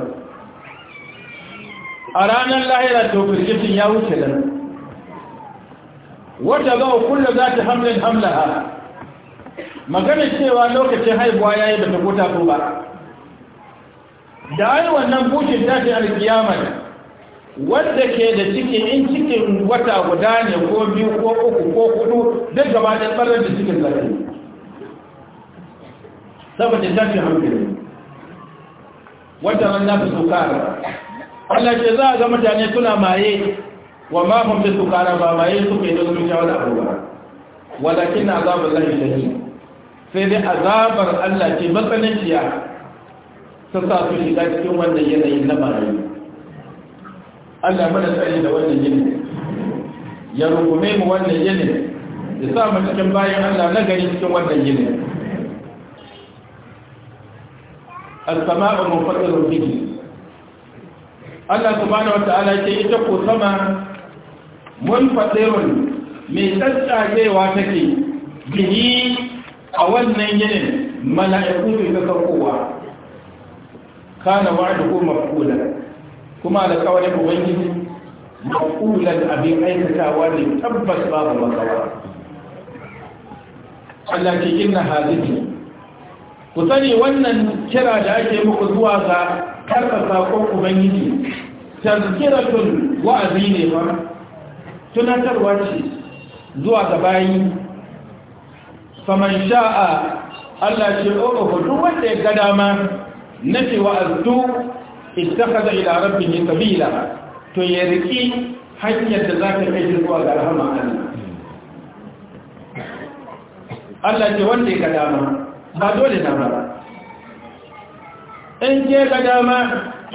a ranar lahira to firgitin ya wuce da wata ga kullu za ta hamlin hamlaha maganar cewa lokacin haihuwa ya yi da ta kota ko ba da ai wannan bushin tashi ne. wadda ke da cikin in cikin wata guda ne ko biyu ko uku ko hudu duk gaba da tsarar da cikin lafiya saboda ce hamlin wata ran nasu sukara Allah ce za a ga mutane suna maye wa ma hum bi sukara ba maye su da sun sha wani abu ba walakin azabul lahi shadid sai dai azabar Allah ce matsananciya ta sa su shiga cikin wannan yanayin na maye Allah mana tsari da wannan yanayin. ya rukume mu wannan yanayin. ya sa mu cikin bayan Allah na gari cikin wannan yanayin. as-sama'u munfatirun bihi Allah subhanahu wata'ala ce ita ko sama munfatirun mai tsatsagewa take bihi a wannan yinin mala'iku ne ga kowa kana wa'duhu maf'ulan kuma alƙawarin ubangiji maƙulan abin aikatawa ne tabbas babu makawa Allah ke inna hadisi ku sani wannan kira da ake muku zuwa ga karɓa sakon ubangiji tazkiratun wa'azi ne ba tunatarwa ce zuwa ga bayi faman sha'a Allah ce ku oh, oh, oh, duk wanda ya ga dama na ce wa'azdu ittakhadha ila rabbihi sabila to ya riki hanyar da za ka kai zuwa ga rahama Allah Allah ce wanda ya ga dama ba dole na ba in ke ga dama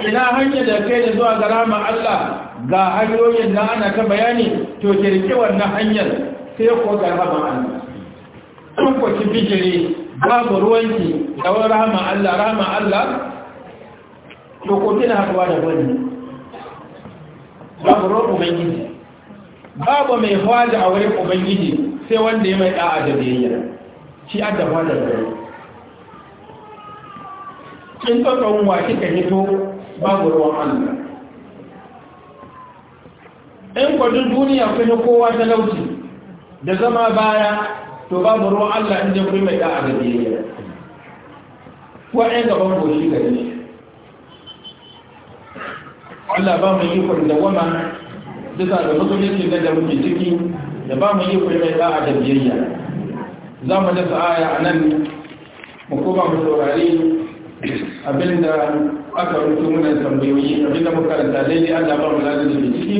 ina hanyar da kai da zuwa ga rama Allah ga hanyoyin da ana ta bayani to kirki wannan hanyar sai ko ga rama Allah ko ki bijiri ba ruwanki da rama Allah rama Allah to ko kina haɗuwa da wani ba ruwan ubangiji babu mai hwaja a wurin ubangiji sai wanda ya mai da'a da biyayya shi adda hwaja da in tsakon wa kika hito babu ruwan Allah in kwadin duniya yi kowa talauci da zama baya to babu ruwan Allah in jin mai da a gajiye kuwa ɗaya gaban goshi gare shi Allah ba mu yi kwan da wama duka da musulunci da da muke ciki da ba mu yi kwan mai da a ya. za mu dasa aya a nan mu koma mu saurari abinda aka rubuta muna tambayoyi abinda muka karanta daidai an ba mu ladan da ciki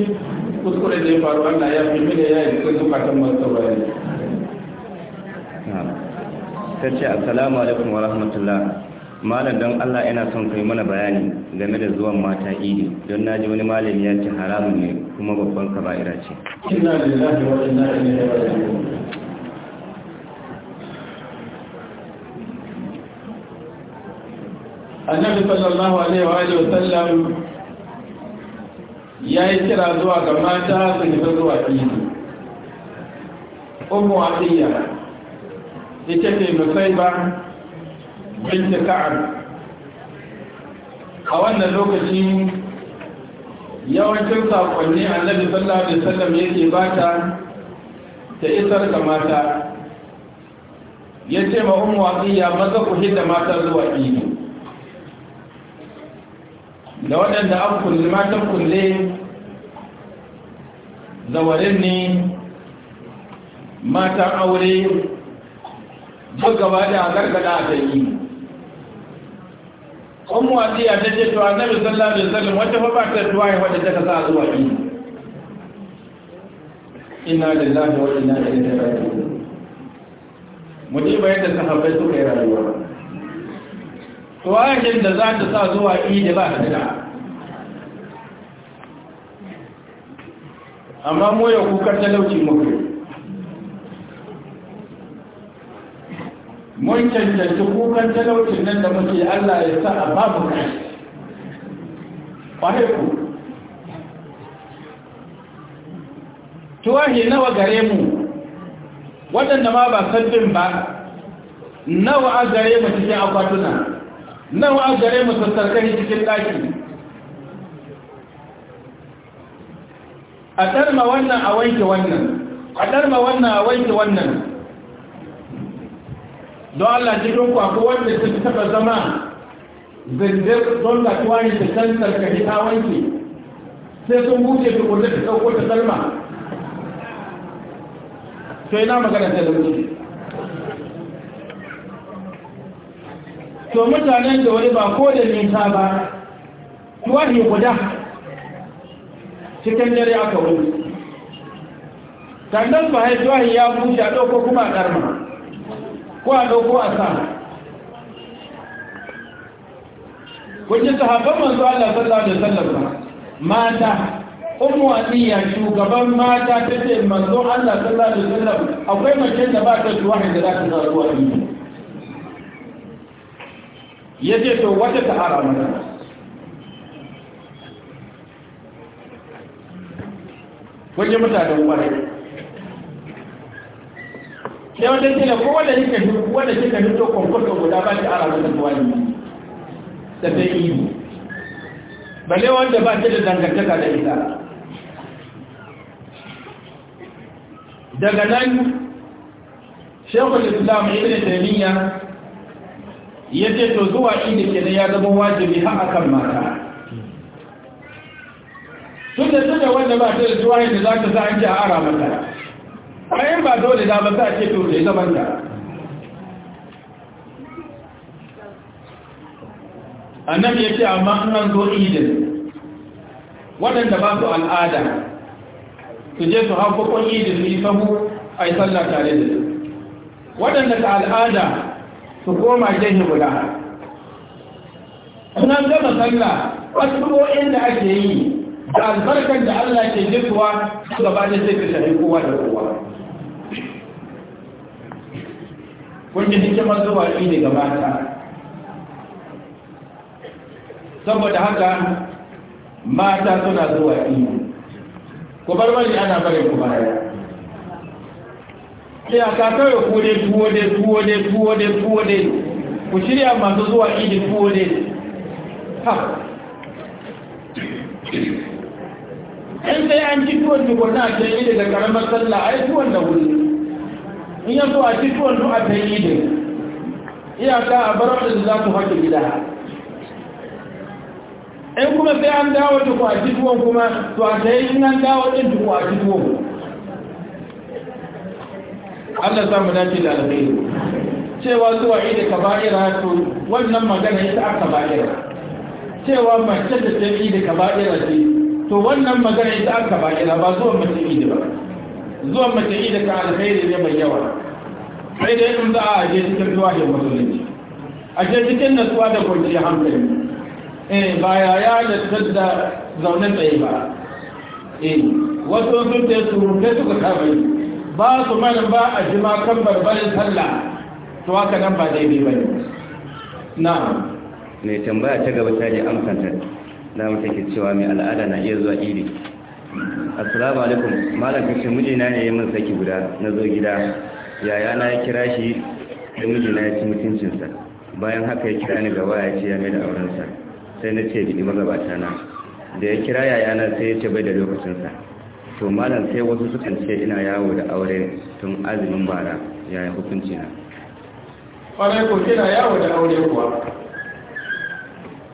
kuskure da ya faru Allah ya fi mini ya yi kan zukatan masu bayani ta ce assalamu alaikum wa rahmatullah malam don Allah yana son kai mana bayani game da zuwan mata idi don naji wani malami ya ce haramun ne kuma babban kaba'ira ce inna lillahi wa inna ilaihi raji'un annabi sallallahu alaihi wa sallam ya yi kira zuwa ga mata su nufi zuwa kini umu atiyya ita ce musaiba binta ka'ab a wannan lokaci yawancin saƙonni annabi sallallahu alaihi sallam yake ba ta isar ga mata ya ce ma umu atiyya maza ku hidda mata zuwa kini da waɗanda an kulle matan kulle zawarin ne matan aure duk gaba da gargada a sanyi kun wasiya ta ce tuwa na misallar da zalim wata fafata tuwa ya wadda ta sa zuwa yi ina da zafi wa ina da ita rayu mutum bayan da sahabbai suka yi rayuwa tuwa yakin da za ta sa zuwa yi da ba ta da amma mu yau kukar talauci muke mun cancanci kukan talaucin nan da muke allah ya sa a babu kai ƙwarai ku tuwahi nawa gare mu waɗanda ma ba sabbin ba nawa a gare mu cikin akwatuna nawa a gare mu sassarkari cikin ɗaki a ɗarma wannan a wanke wannan a ɗarma wannan a wanke wannan don Allah don ku akwai wanda su taɓa zama zindir don da tuwa ne ta can karkari ta wanke sai sun buce su kulle ta sauko ta salma. to ina magana ta da wuce to mutanen da wani ba ko da nisa ba tuwa ne guda cikin dare aka wuce sannan ba haifuwa ya buce a ɗauko kuma a ƙarma ko a ɗauko a sa kunji sahabban manzo Allah sallallahu alaihi wasallam mata ummu atiya shugaban mata tace manzo Allah sallallahu alaihi wasallam akwai mace da ba ta zuwa da za ta Ya ce to wata ta ara mana wajen ji mutanen kwarai sai wata tila ko wanda kika duk wanda kika hito kwankwato guda ba shi ara wata tuwani da ta yi bale wanda ba shi da dangantaka da ita daga nan shekul islam ibn taymiya ya ce to zuwa inda ke ya zama wajibi ha akan mata tun da tun da wanda ba ta zuwa tuwaye da za ta sa a ce a ara mata a yin ba dole da ba za ce to da ita manta annabi ya ce amma an zo idin waɗanda ba su al'ada su je su hau bakon idin su yi samu a yi sallah tare da su waɗanda ta al'ada su koma jihin guda sunan gama sallah wasu da ake yi da albarkar da Allah ke jirkuwa su gaba da sai ka shahi kowa da kowa kun ji hikimar zuwa shi ne gaba ta saboda haka mata suna zuwa iyo ku bar wani ana bari ku baya sai a kakawai ku dai tuwo ne tuwo ne tuwo ne tuwo ne ku shirya masu zuwa idi tuwo ne. ha in sai an ci tuwon tukunna a can idin da karamar sallah a yi tuwon da wuri in yanzu a ci tuwon a can idin iyaka a bar wadda za ku haƙi gida in kuma sai an dawo tuku a ci tuwon kuma to a can in an dawo ɗin tuku a ci tuwon Allah za mu dace da alkhairi cewa zuwa idin kaba'ira to wannan magana ita aka ba'ira cewa mace da ta idin kaba'ira ce to wannan magana ita aka bayyana ba zuwan mace da ba zuwan mace da ka alkhairi ne mai yawa sai dai in za a je cikin zuwa da musulunci a je cikin natsuwa da kwanciyar hankali eh ba ya ya da tadda zaunan tsaye ba eh wasu sun ta su suka kama yi ba su mana ba a jima kan barbarin sallah to haka nan ba daidai ba ne na ne tambaya ta gaba ta je amsanta da mu take cewa mai al'ada na iya zuwa iri assalamu alaikum malam kace mijina ne yayin min saki guda na zo gida yaya na ya kira shi da mijina ya ci mutuncinsa bayan haka ya kira ni gaba ya ce ya mai da aurensa sai na ce bidi magabata na da ya kira yaya na sai ya ce bai da lokacinsa to malam sai wasu sukan ce ina yawo da aure tun azumin bara yaya hukunci na kwarai ko kina yawo da aure kuwa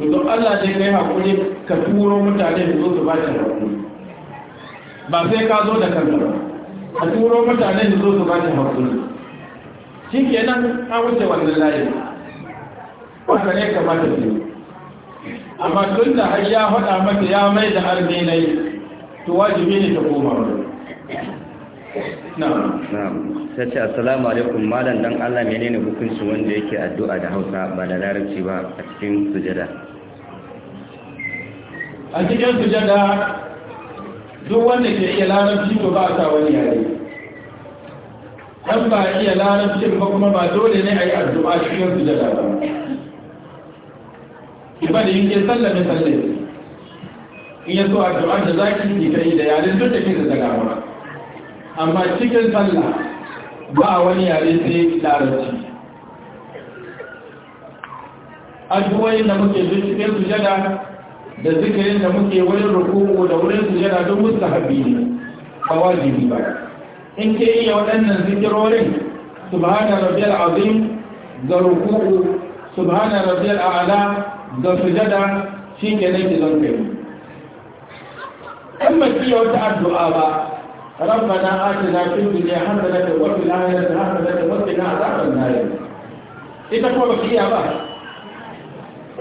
to don Allah ne kai hakuri ka turo mutane su zo su ba shi hakuri ba sai ka zo da kanka ba ka turo mutane su zo su ba shi hakuri shi kenan ka wuce wannan layi ka ne kamata su yi amma tun da har ya faɗa maka ya mai da harbe na yi to wajibi ne ta koma Na ce assalamu alaikum malam dan Allah menene hukuncin wanda yake addu'a da Hausa ba da larabci ba a cikin sujada a cikin sujada duk wanda ke iya larabci to ba sa wani yare ɗan ba iya larabci ba kuma ba dole ne a yi addu'a cikin sujada ba ba da yake sallame sallame in ya a addu'a da za ki yi kai da yaren duk da ke da daga amma cikin sallah ba wani yare sai larabci addu'o'in da muke duk su sujada da zikirin da muke wurin rukuku da wurin sujada duk mustahabi ne ba wajibi ba in ke iya waɗannan zikirorin subhana rabbiyal azim ga rukuku subhana rabbiyal a'la ga sujada shi ke nan ki zan kai in ba ki wata addu'a ba ربنا آتنا في الدنيا حسنة وفي الآخرة حسنة وقنا Ita النار ba ki فيها بقى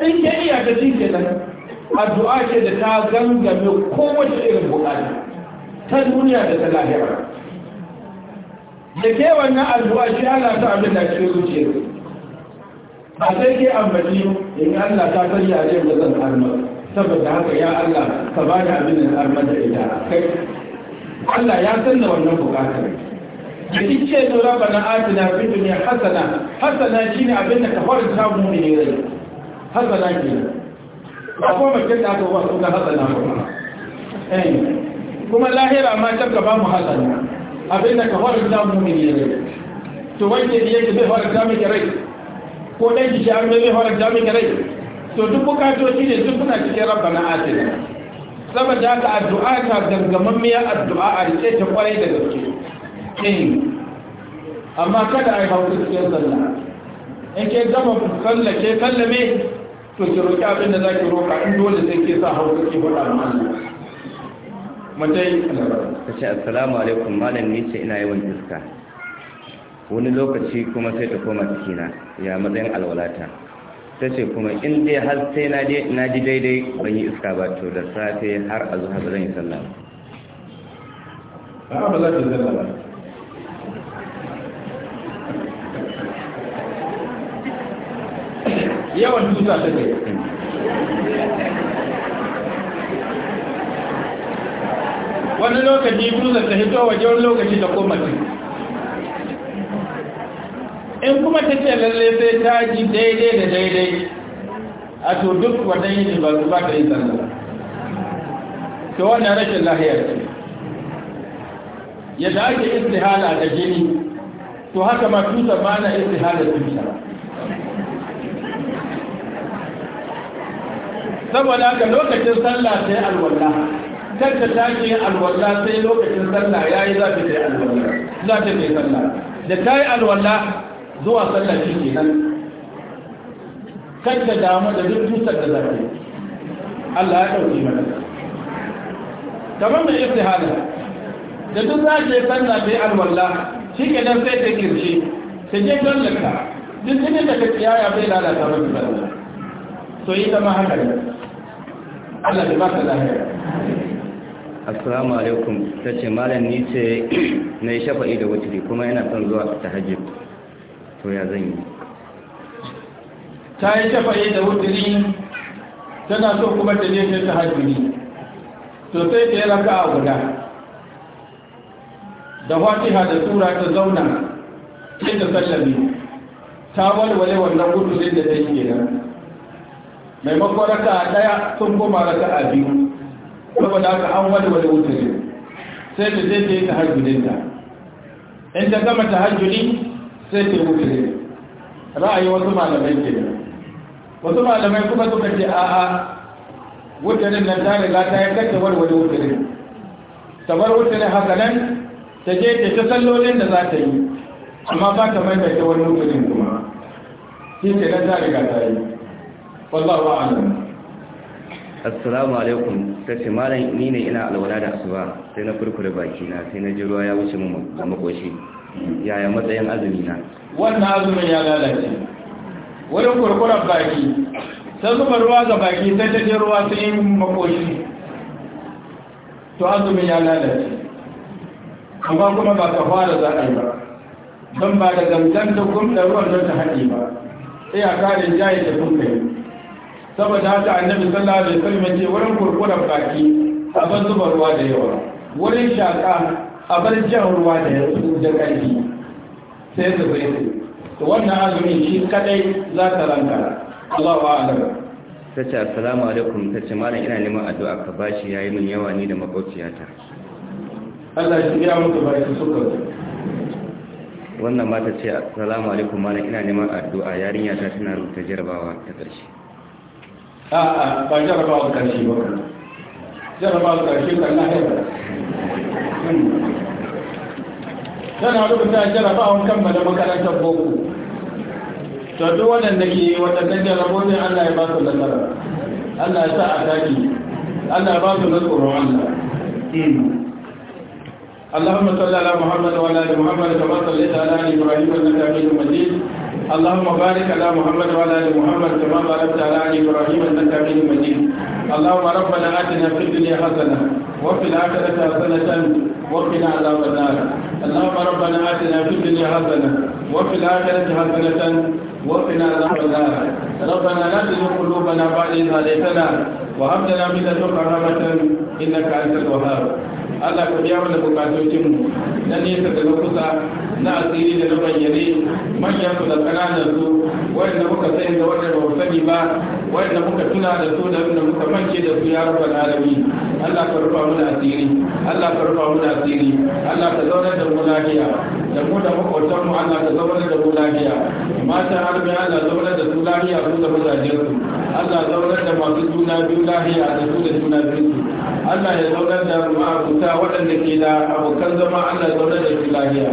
إن كان إيه تجيك لك addu'a ce da ta gangame kowace irin bukata ta duniya da ta lahira da ke wannan addu'a shi Allah ta abin da ke zuciya ba sai ke ambaci in Allah ta sanya a jin da zan armar saboda haka ya Allah ka ba da abin da armar da ita kai Allah ya san da wannan bukatar da duk ce da rabana na fi duniya hasana hasana shine abin da ka faranta mu ne rai hasana ke. akwai mace da aka ba suna hasana kuma eh, kuma lahira ma can ka ba mu hasana abin ka fara da mu ne ne to wanda ne yake zai fara da miki rai ko dai ki shi an zai fara da miki rai to duk bukatoci ne duk suna cikin rabbana atina saboda haka addu'a ta gangamammiyar addu'a a rike ta kwarai da gaske eh, amma kada a yi hawa cikin sallah in ke zama sallah kallame to ki roƙi abin da ki roƙa, in dole sai ke sa hau ki faɗa a mana matai ta ce assalamu alaikum malam ni ce ina yawan iska wani lokaci kuma sai ta koma cikina ya matsayin alwalata ta ce kuma in dai har sai na ji daidai ban yi iska ba to da safe har a zuwa zan yi sallah ba za sallah yawan tusa ta kai wani lokaci tusa ta hito waje wani lokaci da ce in kuma ta ce lalle sai ta ji daidai da daidai a to duk wannan yi ba su ba ta yi zanzara ta wannan rashin lahiyar ce yadda ake istihala da jini to haka ma tusa ma na istihala tusa saboda haka lokacin sallah sai alwala kar ta tashi alwala sai lokacin sallah yayi za ta yi alwala za ta yi sallah da ta yi alwala zuwa sallah shi kenan kar ta damu da duk dusar da za Allah ya ɗauki mana kamar mai istihala da duk za ta yi sallah sai alwala shi ke nan sai ta kirce ta je don duk jinin daga ta tsiyaya bai lalata mafi sallah so yi zama haka ne Allah bai baka lafiya assalamu alaikum ta ce malam ni ce na yi shafa'i da wuturi kuma yana son zuwa ta hajji to ya zan yi ta yi shafa'i da wuturi tana so kuma ta je ta hajji to sai ta yi raka a guda da fatiha da tura ta zauna sai ta sallame ta walwale wannan wuturin da ta yi kenan maimakon raka daya sun koma raka a biyu saboda haka an wani wani wuce sai ta zai ta yi ta, in ta gama tahajjudi sai ta wuce ra'ayi wasu malamai ke da wasu malamai kuma suka ce a'a ne nan ta riga ta yi ta wani wani ne ta bar ne haka nan ta je ta ta sallolin da za ta yi amma ba ta maimaita wani ne kuma shi ke nan ta riga ta yi wallahu a'lam assalamu alaikum ta ce malam ni ne ina alwala da asuba sai na kurkure baki na sai na jiruwa ya wuce mun da makoshi yaya matsayin azumi na wannan azumin ya lalace wurin kurkuren baki sai zuma ruwa ga baki sai ta je ruwa sai yin makoshi to azumin ya lalace amma kuma ba ka fara za a yi ba don ba da gangan da gumɗa ruwan don ta haɗe ba sai a kare jayi da kuma yi saboda haka annabi sallallahu alaihi wasallam yace wurin kurkura baki a ban zuba ruwa da yawa wurin shaka a bar jan ruwa da yawa da ƙarfi sai da bai to wannan azumin shi kadai za ta ranka Allahu a'lam ta ce assalamu alaikum ta ce malam ina neman addu'a ka bashi yayi min yawa ni da makwabciyata Allah shi ya mutu bai suka wannan mata ce assalamu alaikum malam ina neman addu'a yarinya ta tana rubuta jarabawa ta ƙarshe a'a ba jarabawa karshe ba jarabawa karshe kan na haifar tana hmm. rubuta jarabawan kammala makarantar boko to duk waɗanda ke waɗannan jarabobi Allah ya ba su nasara Allah ya sa a taki Allah ya ba su nasarar Allah اللهم صل على محمد وعلى محمد كما صليت على ابراهيم انك حميد مجيد اللهم بارك على محمد وعلى ال محمد كما باركت على ال ابراهيم انك حميد مجيد اللهم ربنا اتنا في الدنيا حسنه وفي الاخره حسنه وقنا عذاب النار اللهم ربنا اتنا في الدنيا حسنه وفي الاخره حسنه وقنا عذاب النار ربنا لا تزغ قلوبنا بعد إذ هديتنا وهب لنا من لدنك رحمة إنك أنت الوهاب Allah ka biya mana bukatocin mu na nesa da na kusa na asiri da na bayyane manyan su da kananan su wanda muka sani da wanda ba sani ba wanda muka tuna da su da muka mance da su ya rabbal alamin Allah ka rufa mu asiri Allah ka rufa mu asiri Allah ka zauna da mu lafiya da mu da makwatan mu Allah ka zauna da mu lafiya mata harbi Allah zauna da su lafiya su da mazajen su Allah zauna da masu juna biyu lafiya da su da juna biyu su. Allah ya zauna da ma'abuta waɗanda ke da abokan zama Allah zauna da su lafiya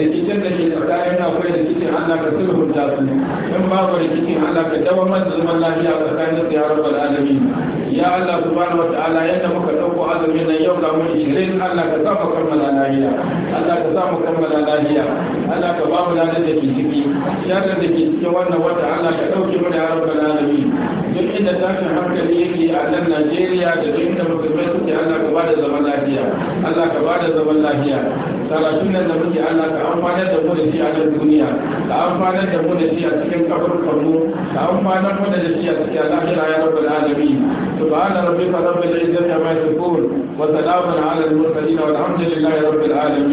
rikicin da ke tsakanin akwai rikicin Allah ka sulhunta su in ba babu rikicin Allah ka dawo da zaman lafiya tsakanin su ya rabbal alamin ya Allah subhanahu wa ta'ala yadda muka dauko azumi nan yau ga mu 20 Allah ka sa mu kammala lafiya Allah ka sa mu kammala lafiya Allah ka ba mu lafiya da ke ciki Yadda da ke cikin wannan wata Allah ka dauke mu da rabbul alamin duk inda tashin hankali yake a nan Najeriya da duk inda musulmai suke Allah ka ba da zaman lafiya Allah ka ba da zaman lafiya Salatu nan da muke Allah ka amfanar da mu da shi a nan duniya ka amfanar da mu da shi a cikin kaburkan mu ka amfanar mu da shi a cikin lafiya ya rabbul alamin سبحان ربك رب العزة ما يصفون وسلام على المرسلين والحمد لله رب العالمين